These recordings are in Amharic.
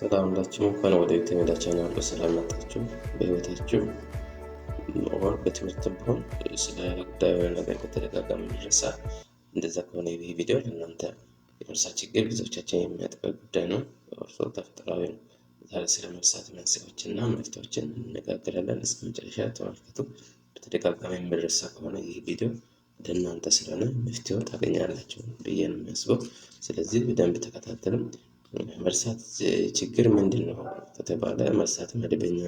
ሰላም ሁላችሁ እንኳን ወደ የተሜዳ ቻናል በሰላም መጣችሁ። በህይወታችሁ ኦር በትምህርት ቢሆን ስለ ጉዳይ ወይ ነገር ከተደጋጋሚ ይረሳ። እንደዛ ከሆነ ይህ ቪዲዮ ለእናንተ የመርሳ ችግር ብዙዎቻችን የሚያጠቃ ጉዳይ ነው፣ ኦርሶ ተፈጥሯዊ ዛሬ ስለ መርሳት መንስኤዎችና መፍትሄዎችን እንነጋገራለን። እስከ መጨረሻ ተመልከቱ። በተደጋጋሚ የሚረሳ ከሆነ ይህ ቪዲዮ ለእናንተ ስለሆነ መፍትሄው ታገኛላችሁ ብዬ ነው የሚያስበው። ስለዚህ በደንብ ተከታተሉም። መርሳት ችግር ምንድን ነው ከተባለ መርሳት መደበኛ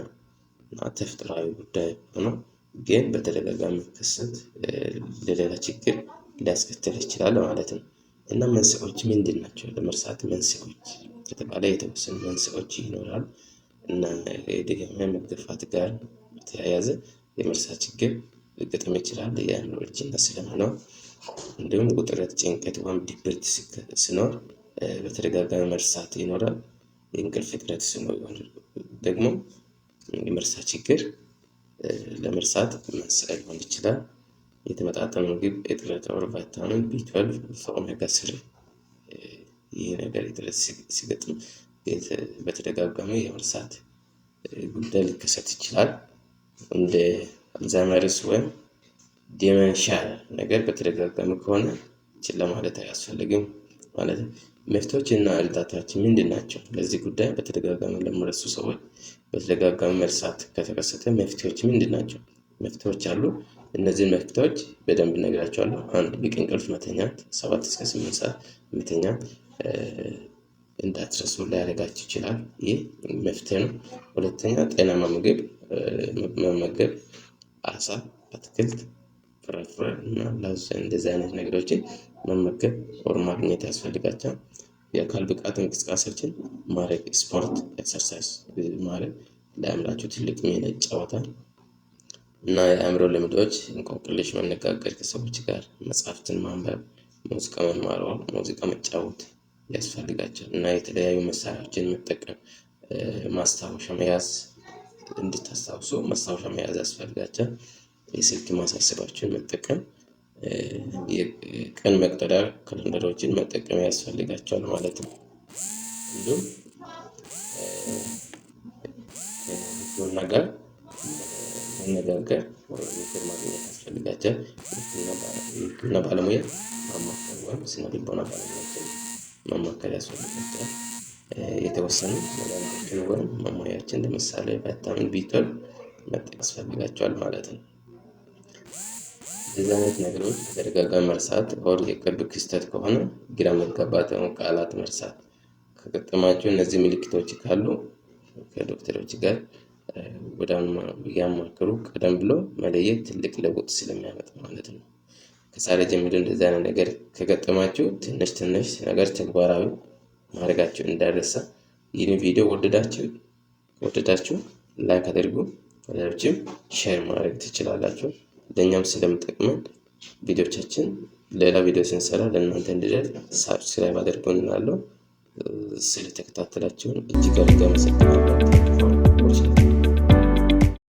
እና ተፈጥሯዊ ጉዳይ ሆኖ ግን በተደጋጋሚ ክስት ለሌላ ችግር ሊያስከትል ይችላል ማለት ነው። እና መንስኤዎች ምንድን ናቸው? ለመርሳት መንስኤዎች ከተባለ የተወሰኑ መንስኤዎች ይኖራል። እና የድጋሚ መገፋት ጋር በተያያዘ የመርሳት ችግር ሊገጥም ይችላል። የአእምሮ እርጅና ስለመኖር እንዲሁም ውጥረት፣ ጭንቀት ወይም ድብርት ሲኖር በተደጋጋሚ መርሳት ይኖራል። የእንቅልፍ እጥረት ሲኖር ደግሞ የመርሳ ችግር ለመርሳት መንስኤ ሊሆን ይችላል። የተመጣጠነ ምግብ እጥረት ኦር ቫይታሚን ቢ12 ከኦሜጋ ስሪ ይህ ነገር እጥረት ሲገጥም በተደጋጋሚ የመርሳት ጉዳይ ሊከሰት ይችላል። እንደ አልዛይመርስ ወይም ዲመንሻ ነገር በተደጋጋሚ ከሆነ ችላ ማለት አያስፈልግም። ማለት ነው እና እርዳታዎች ምንድን ናቸው? ለዚህ ጉዳይ በተደጋጋሚ ለሚረሱ ሰዎች በተደጋጋሚ መርሳት ከተከሰተ መፍትሄዎች ምንድን ናቸው? መፍትሄዎች አሉ። እነዚህን መፍትሄዎች በደንብ ነግራቸዋለሁ። አንድ በቂ እንቅልፍ መተኛት፣ ሰባት እስከ ስምንት ሰዓት መተኛ እንዳትረሱ ሊያደርጋችሁ ይችላል። ይህ መፍትሄ ነው። ሁለተኛ ጤናማ ምግብ መመገብ፣ አሳ፣ አትክልት ፈራፍሯል እና ለእሱ እንደዚህ አይነት ነገሮችን መመገብ ወር ማግኘት ያስፈልጋቸዋል። የአካል ብቃት እንቅስቃሴዎችን ማድረግ ስፖርት ኤክሰርሳይዝ ማድረግ ለአእምራችሁ ትልቅ ሚና ይጫወታል። እና የአእምሮ ልምዶች እንቆቅልሽ መነጋገር፣ ከሰዎች ጋር መጽሐፍትን ማንበብ፣ ሙዚቃ መማርዋል ሙዚቃ መጫወት ያስፈልጋቸዋል እና የተለያዩ መሳሪያዎችን መጠቀም ማስታወሻ መያዝ እንድታስታውሱ ማስታወሻ መያዝ ያስፈልጋቸዋል። የስልክ ማሳሰባችን መጠቀም የቀን መቁጠሪያ ካለንደሮችን መጠቀም ያስፈልጋቸዋል ማለት ነው። እንዲሁም ከሕክምና ጋር መነጋገር ምክር ማግኘት ያስፈልጋቸዋል። ሕክምና ባለሙያ ማማከር ወይም ስነ ልቦና ባለሙያዎችን ማማከር ያስፈልጋቸዋል። የተወሰኑ መድኃኒቶችን ወይም መሟያዎችን ለምሳሌ ቫይታሚን ቢቶል 12 ያስፈልጋቸዋል ማለት ነው። እንደዚህ አይነት ነገሮች በተደጋጋሚ መርሳት ኦር የቅርብ ክስተት ከሆነ ግራ መጋባት ወይም ቃላት መርሳት ከገጠማቸው እነዚህ ምልክቶች ካሉ ከዶክተሮች ጋር ያማክሩ። ቀደም ብሎ መለየት ትልቅ ለውጥ ስለሚያመጣ ማለት ነው። ከዛሬ ጀምሮ እንደዚህ አይነት ነገር ከገጠማቸው ትንሽ ትንሽ ነገር ተግባራዊ ማድረጋቸው እንዳረሳ። ይህን ቪዲዮ ወደዳችሁ ወደዳችሁ ላይክ አድርጉ። ሌሎችም ሼር ማድረግ ትችላላችሁ። ለእኛም ስለምጠቅመን ቪዲዮቻችን ሌላ ቪዲዮ ስንሰራ ለእናንተ እንዲደርስ ሳብስክራይብ አድርጎ እንላለሁ። ስለተከታተላችሁን እጅግ አድርጌ አመሰግናለሁ።